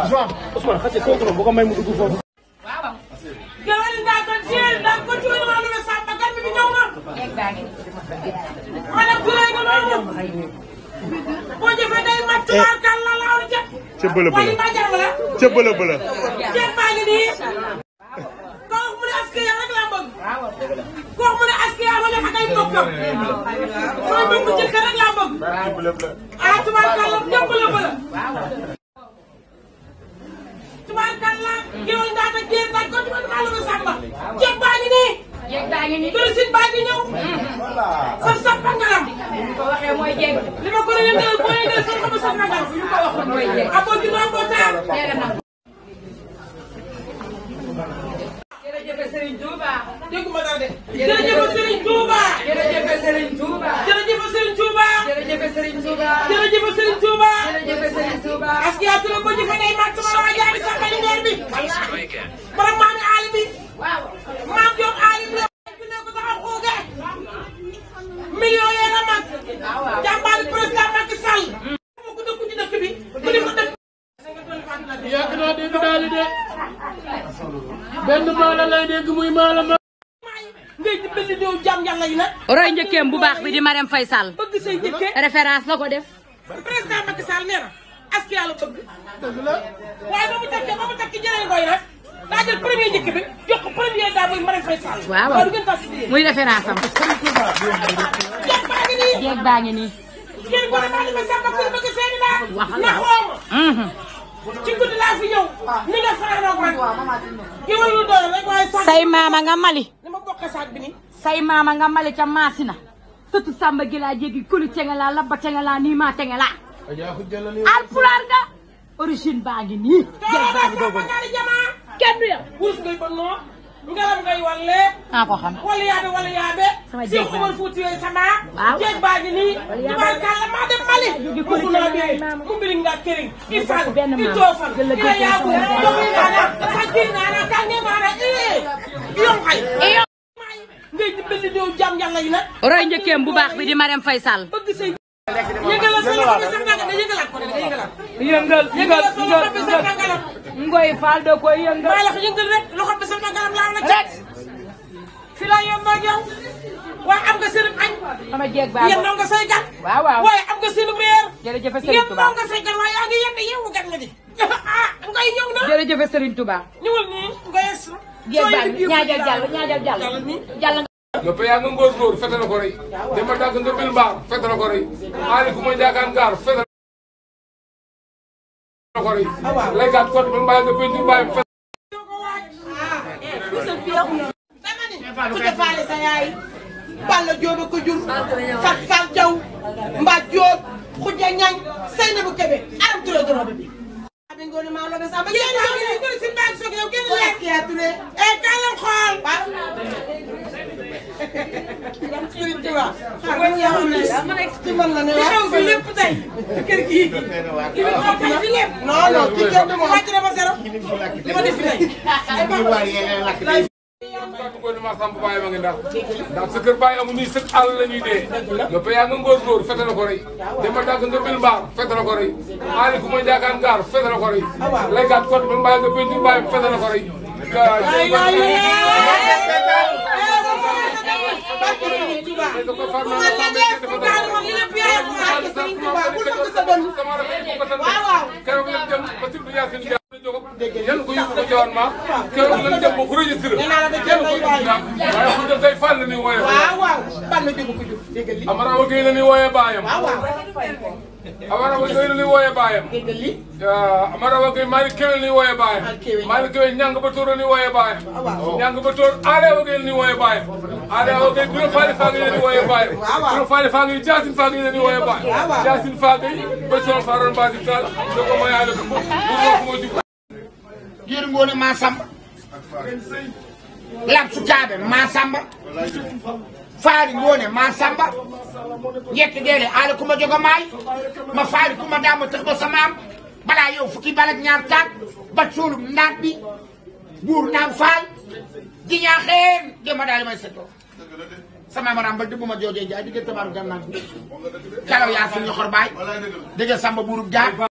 Ousmane Ousmane xase kooku noonu bu ko may mu dugg foofu. waaw. jawwari daa ko jiyal daa ko ci wér wàllu sàmm kan bi ñëw na. maanaam kuréel gi noonu. boo jëfee day màcc eh. waar kan la laaw ja. ca bëla bëla waaye maa jàpp la. ca bëla bëla. jeen baa ngi nii. koo mu ne askan yaa rek laa bëgg. koo mu ne askan yaa ma def ak ay bokkam. mooy bëgg jëkkër rek laa bëgg. ah tubaab kàlla ca bëla bëla. géwél ndaata géer naaj ko dima dama la sàmba jéeg baa ngi nii dorosin baa ngi ñëw saf saf pangaram li ma ko la yëngal boo yëngal saf sama saf nangal aboo di maa boo taar jërëjëf Serigne Touba dégguma dara Orang dégg daal de benn maala roy njëkkeem bu baax bi di bëgg référence def président Sall bëgg jël premier njëkk bi jox premier daa mooy Marème Faye waaw muy référence am jeeg baa ngi nii jeeg baa ngi nii ngeen ma Ah. Saya say mama nga mali. ni bokk saag bi nii. say mama nga mali ca masina surtout samba gila jegi kulu tengelaa la ba ni ma al pular ga origine ba sama ngi sama mani musulaɓe umbilinga kering roy bu baax bi di marem fay ngoy do koy la rek loxo bi la la fi la yow wa am sama jeeg baa yéen naw nga say gan waaw waaw waaye am nga seenu réer jërëjëf Serigne Touba yéen naw nga say gan waaye anga yéen de yéen nga di ah ngay ñëw na jërëjëf Serigne Touba ñëwal nii nga yes jeeg baa ñaajal jàll ñaajal jàll jàll nga paya nga ngóor góor fete na ko rey dama dàgg nga bil mbaar fete na ko rey aali ku ma njaagaan gaar fete na ko rey lekkaat kot bil mbaay nga pentu mbaay fete Balla Diop a ko jur Fat Fall Diaw Mbaaj Diop Khoudia Niang Seynabou Kébé aram Touré dorobe eh, bi abi ngone ma lo be sama yene ngone ngone ci mbaaj la ki ature e kalam xool dam la ne wax xew fi daa bëggoon ma samp bàyyi ma nga ndax ndax sa kër bàyyi amu ni sëg àll la ñuy dee nga payaa nga ngóor góor fete la ko rey dama dàgg nga bil mbaar fete la ko rey aali ku may jaakaan gaar fete la ko rey laykaat kon ba mbaay nga pentu mbaay fete la ko rey waaw waaw keroog lañ dem ba tudd Yaasin yan ko yóbbu ko joxoon ma keroog lan dem ba ku registré yan ko yóbbu jàpp waaye ku def day fàll ni wooye waaw waaw fàll bi ko jóg déggal li amarawa gay la ni wooye baayam waaw waaw amarawa gay la ni wooye baayam déggal li amarawa gay maa ngi kéwél ni wooye baayam maa ngi kéwél ñàng ba tóor ni wooye baayam ñàng oh. ba tóor aalewa gay la ni wooye baayam aalewa gay biro faali faa gay la ni wooye baayam biro faali faa gay jaasin faa gay la ni wooye baayam jaasin faa gay ba soon faaroon baasi taal do ko mayaale ko bu ko ko jubu yéen ngoone maa samba lab su caabe maa samba faari ngoone maa samba yette deele aala kuma jogo maay ma faari kuma daama tëx ba samaam balaa yow fukki balak ñaar taat ba suulum naat bi buur naam faal di ñaaxeen dema daal may setoo sama maram ba dëbbuma joojee jaay digge tabaar gannaan kalaw yaa suñu xor baay dëgg samba buurub jaar